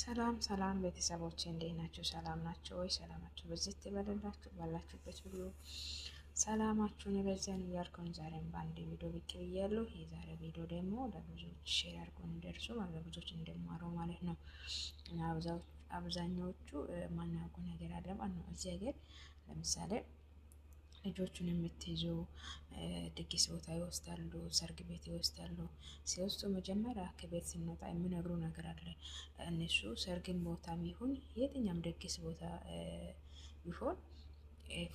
ሰላም ሰላም ቤተሰቦች እንዴት ናቸው? ሰላም ናቸው ወይ? ሰላማችሁ በዚህ ይበልላችሁ። ባላችሁበት ሁሉ ሰላማችሁን ይበዛን እያልኩኝ ዛሬም በአንድ ቪዲዮ ብቅ ብያለሁ። የዛሬ ቪዲዮ ደግሞ ለብዙዎች ሼር አድርጎ እንዲደርሱ ለብዙዎች እንደማሩ ማለት ነው። አብዛኞቹ ማናውቁ ነገር አለ ማለት ነው እዚህ ሀገር ለምሳሌ ልጆቹን የምትይዙ ድግስ ቦታ ይወስዳሉ፣ ሰርግ ቤት ይወስዳሉ። ሲወስጡ መጀመሪያ ከቤት ስንወጣ የሚነግሩ ነገር አለ። እነሱ ሰርግን ቦታም ይሁን የትኛም ድግስ ቦታ ይሆን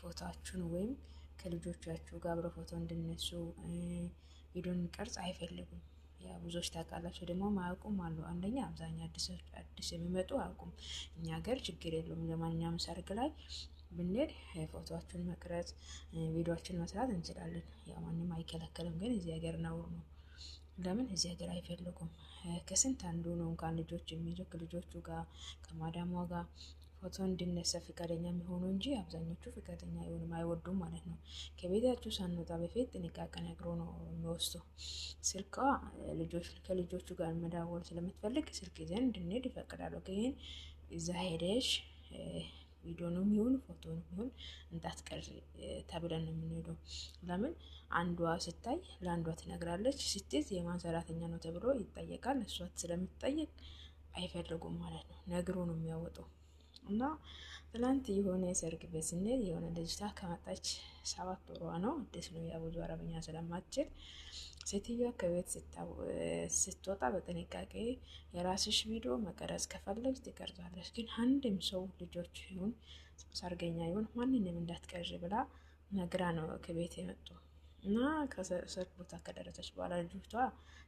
ፎቶችን ወይም ከልጆቻችሁ ጋር አብረ ፎቶ እንድነሱ ቪዲዮን ቅርጽ አይፈልጉም። ያ ብዙዎች ታውቃላችሁ ደግሞ አያውቁም አሉ። አንደኛ አብዛኛው አዲስ የሚመጡ አያውቁም። እኛ ሀገር ችግር የለውም ለማንኛውም ሰርግ ላይ ብንሄድ ፎቶዎችን መቅረጽ፣ ቪዲዮዎችን መስራት እንችላለን። ማንም አይከለከልም። ግን እዚህ ሀገር ነውር ነው። ለምን እዚህ ሀገር አይፈልጉም? ከስንት አንዱ ነው እንኳን ልጆች የሚይዙ ከልጆቹ ጋር ከማዳሟ ጋር ፎቶ እንድነሳ ፍቃደኛ የሚሆኑ እንጂ አብዛኞቹ ፍቃደኛ አይሆንም፣ አይወዱም ማለት ነው። ከቤታችሁ ሳንወጣ በፊት ጥንቃቄ ነግሮ ነው የሚወስዱ። ስልኳ ከልጆቹ ጋር መዳወል ስለምትፈልግ ስልክ ይዘን እንድንሄድ ይፈቅዳሉ። ግን እዛ ሄደሽ ቪዲዮ ነው የሚሆን ፎቶ ነው የሚሆን እንዳትቀር ተብለን ነው የምንሄደው። ለምን አንዷ ስታይ ለአንዷ ትነግራለች፣ ስትይዝ የማን ሰራተኛ ነው ተብሎ ይጠየቃል። እሷ ስለምትጠየቅ አይፈልጉም ማለት ነው። ነግሮ ነው የሚያወጣው። እና ትላንት የሆነ የሰርግ ቤት በስንል የሆነ ልጅታ ከመጣች ሰባት ወሯ ነው። አዲስ ነው ብዙ አረብኛ ስለማትችል ሴትዮዋ ከቤት ስትወጣ በጥንቃቄ የራስሽ ቪዲዮ መቀረጽ ከፈለግ ትቀርጻለች፣ ግን አንድም ሰው ልጆች ይሁን ሰርገኛ ይሁን ማንንም እንዳትቀርዥ ብላ ነግራ ነው ከቤት የመጡ እና ከሰርግ ቦታ ከደረሰች በኋላ ልጅቷ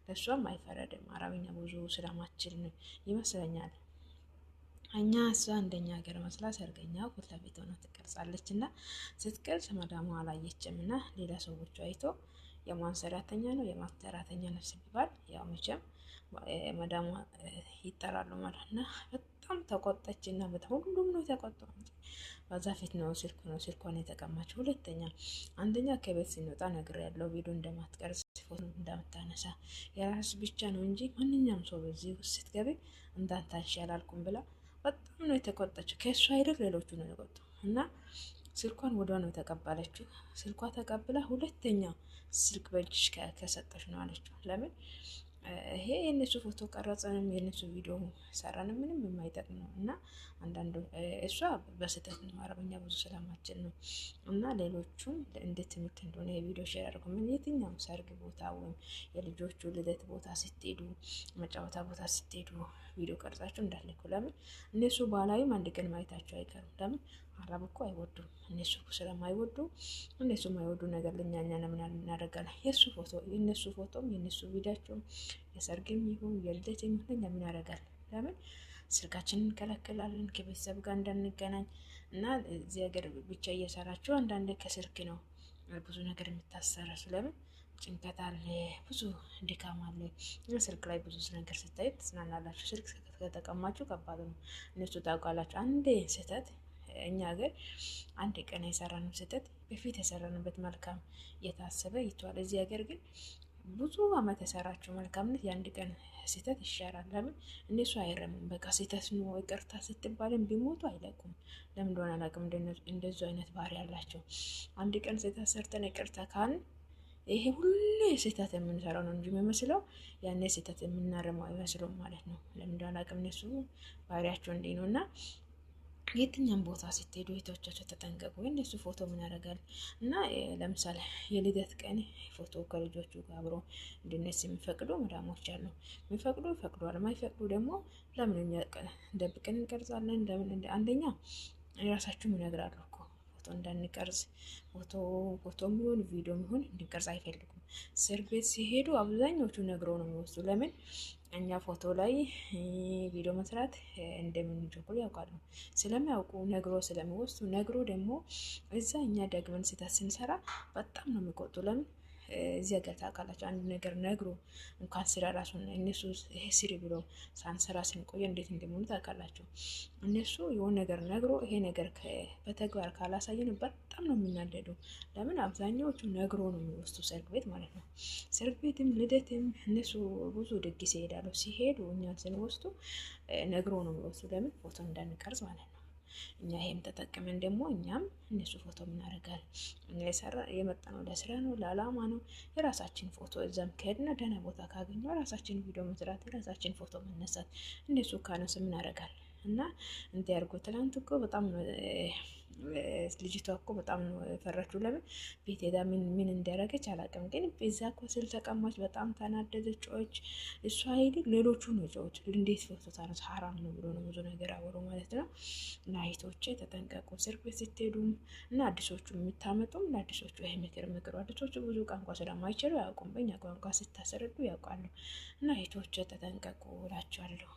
ለእሷም አይፈረድም አረብኛ ብዙ ስለማትችል ይመስለኛል። እኛ እሷ እንደኛ ሀገር መስላ ሰርገኛ ሁላ ቤት ሆነ ትቀርጻለች እና ስትቀርጽ መዳሙ አላየችም እና ሌላ ሰዎቹ አይቶ የማን ሰራተኛ ነው የማን ሰራተኛ ነው ሲባል ያው መቼም መዳሙ ይጠራሉ ማለት እና በጣም ተቆጠች እና ሁሉም ነው ተቆጣ። በዛ ፊት ነው ስልኩ ነው ስልኳን የተቀማችው። ሁለተኛ አንደኛ ከቤት ሲንወጣ ነግር ያለው ቪዲዮ እንደማትቀርጽ ፎቶ እንደምታነሳ የራስ ብቻ ነው እንጂ ማንኛውም ሰው በዚህ ውስጥ ስትገቢ እንዳታንሽ ያላልኩም ብላ ነው የተቆጣችው። ከእሷ አይደል ሌሎቹ ነው የቆጡ እና ስልኳን ወዷ ነው የተቀበለችው። ስልኳ ተቀብላ ሁለተኛ ስልክ በእጅሽ ከሰጠች ነው አለችው። ለምን ይሄ የእነሱ ፎቶ ቀረጽንም የእነሱ ቪዲዮ ሰራንም ምንም የማይጠቅም ነው እና አንዳንዱ እሷ በስህተት ነው አረበኛ ብዙ ስለማችል ነው እና ሌሎቹም እንደ ትምህርት እንደሆነ የቪዲዮ ሼር አድርጉ። ምን የትኛውም ሰርግ ቦታ ወይም የልጆቹ ልደት ቦታ ስትሄዱ፣ መጫወታ ቦታ ስትሄዱ ቪዲዮ ቀርጻችሁ እንዳልኩ ለምን እነሱ ባህላዊም አንድ ቀን ማየታቸው አይቀርም ለምን አረብ እኮ አይወዱም። እነሱ ስለማይወዱ እነሱ የማይወዱ ነገር ልኛኛ ምናምን እናደርጋለን። የእሱ ፎቶ የእነሱ ፎቶም የእነሱ ቪዲያቸውም የሰርግም ይሁን የልደት ይሁን ለምን ያደርጋል? ለምን ስልካችንን እንከለክላለን ከቤተሰብ ጋር እንዳንገናኝ እና እዚህ ሀገር ብቻ እየሰራችሁ አንዳንዴ ከስልክ ነው ብዙ ነገር የምታሰራ ስለምን ጭንቀት አለ፣ ብዙ ድካም አለ። ስልክ ላይ ብዙ ነገር ስታይ ትዝናናላችሁ። ስልክ ከተቀማችሁ ከባድ ነው። እነሱ ታውቃላችሁ አንዴ ስህተት እኛ ሀገር አንድ ቀን የሰራነው ስህተት በፊት የሰራንበት መልካም እየታሰበ ይተዋል። እዚህ ሀገር ግን ብዙ አመት የሰራችው መልካምነት የአንድ ቀን ስህተት ይሻራል። ለምን እነሱ አይረምም። በቃ ስህተት ኖ ይቅርታ ስትባልም ቢሞቱ አይለቁም። ለምን እንደሆነ አላውቅም። እንደዚ አይነት ባህሪ ያላቸው አንድ ቀን ስህተት ሰርተን ይቅርታ ካን ይሄ ሁሉ ስህተት የምንሰራው ነው እንጂ የሚመስለው ያኔ ስህተት የምናረመው አይመስሉም ማለት ነው። ለምን እንደሆነ አላውቅም። እነሱ ባህሪያቸው እንዲህ ነው እና የትኛም ቦታ ስትሄዱ እህቶቻቸው ተጠንቀቁ። እነሱ ፎቶ ምን ያደርጋል እና ለምሳሌ የልደት ቀን ፎቶ ከልጆቹ ጋር አብሮ እንድነሱ የሚፈቅዱ መዳሞች አሉ። የሚፈቅዱ ይፈቅዷል፣ ማይፈቅዱ ደግሞ ለምን ደብቀን እንቀርጻለን? ለምን አንደኛ የራሳችሁም ይነግራሉ። ፎቶ እንዳንቀርጽ ፎቶ ፎቶ ቢሆን ቪዲዮ ቢሆን እንድንቀርጽ አይፈልጉም። እስር ቤት ሲሄዱ አብዛኞቹ ነግረው ነው የሚወስዱ። ለምን እኛ ፎቶ ላይ ቪዲዮ መስራት እንደምንቸኩል ያውቃሉ። ስለሚያውቁ ነግሮ ስለሚወስዱ ነግሮ ደግሞ እዛ እኛ ደግመን ስህተት ስንሰራ በጣም ነው የሚቆጡ። ለምን እዚያ ጋር ታውቃላችሁ፣ አንድ ነገር ነግሮ እንኳን ስራ ራሱ እነሱ ይሄ ስሪ ብሎ ሳንሰራ ስንቆየ እንዴት እንደሚሆኑ ታውቃላችሁ። እነሱ የሆነ ነገር ነግሮ ይሄ ነገር በተግባር ካላሳየን በጣም ነው የምናደደው ለምን አብዛኛዎቹ ነግሮ ነው የሚወስዱ ሰርግ ቤት ማለት ነው። ሰርግ ቤትም ልደትም እነሱ ብዙ ድግስ ይሄዳሉ። ሲሄዱ እኛን ስንወስዱ ነግሮ ነው የሚወስዱ። ለምን ፎቶ እንዳንቀርጽ ማለት ነው። እኛ ይሄም ተጠቅመን ደግሞ እኛም እነሱ ፎቶ ምናደርጋል የሰራ የመጣነው ለስራ ነው፣ ለአላማ ነው። የራሳችን ፎቶ እዛም ከሄድና ደህና ቦታ ካገኘው የራሳችን ቪዲዮ መስራት፣ የራሳችን ፎቶ መነሳት። እንደሱ ካነስ ምናደርጋል እና እንዲያርጎ ትላንት እኮ በጣም ልጅቷ እኮ በጣም ነው የፈራችው። ለምን ቤት ሄዳ ምን ምን እንዳደረገች አላውቅም፣ ግን ቤዛ እኮ ስል ተቀማች። በጣም ተናደደች፣ ጮች። እሷ ሄድ ሌሎቹ ነው ጮች። እንዴት ፈቶታ ነው ሀራም ነው ብሎ ነው ብዙ ነገር አወሩ ማለት ነው። ናይቶቼ ተጠንቀቁ፣ ስርክ ቤት ስትሄዱም እና አዲሶቹ የምታመጡም ለአዲሶቹ ይህ ምክር ምክሩ። አዲሶቹ ብዙ ቋንቋ ስለማይችሉ ያውቁም፣ በኛ ቋንቋ ስታስረዱ ያውቃሉ። እና ናይቶቼ ተጠንቀቁ እላቸዋለሁ።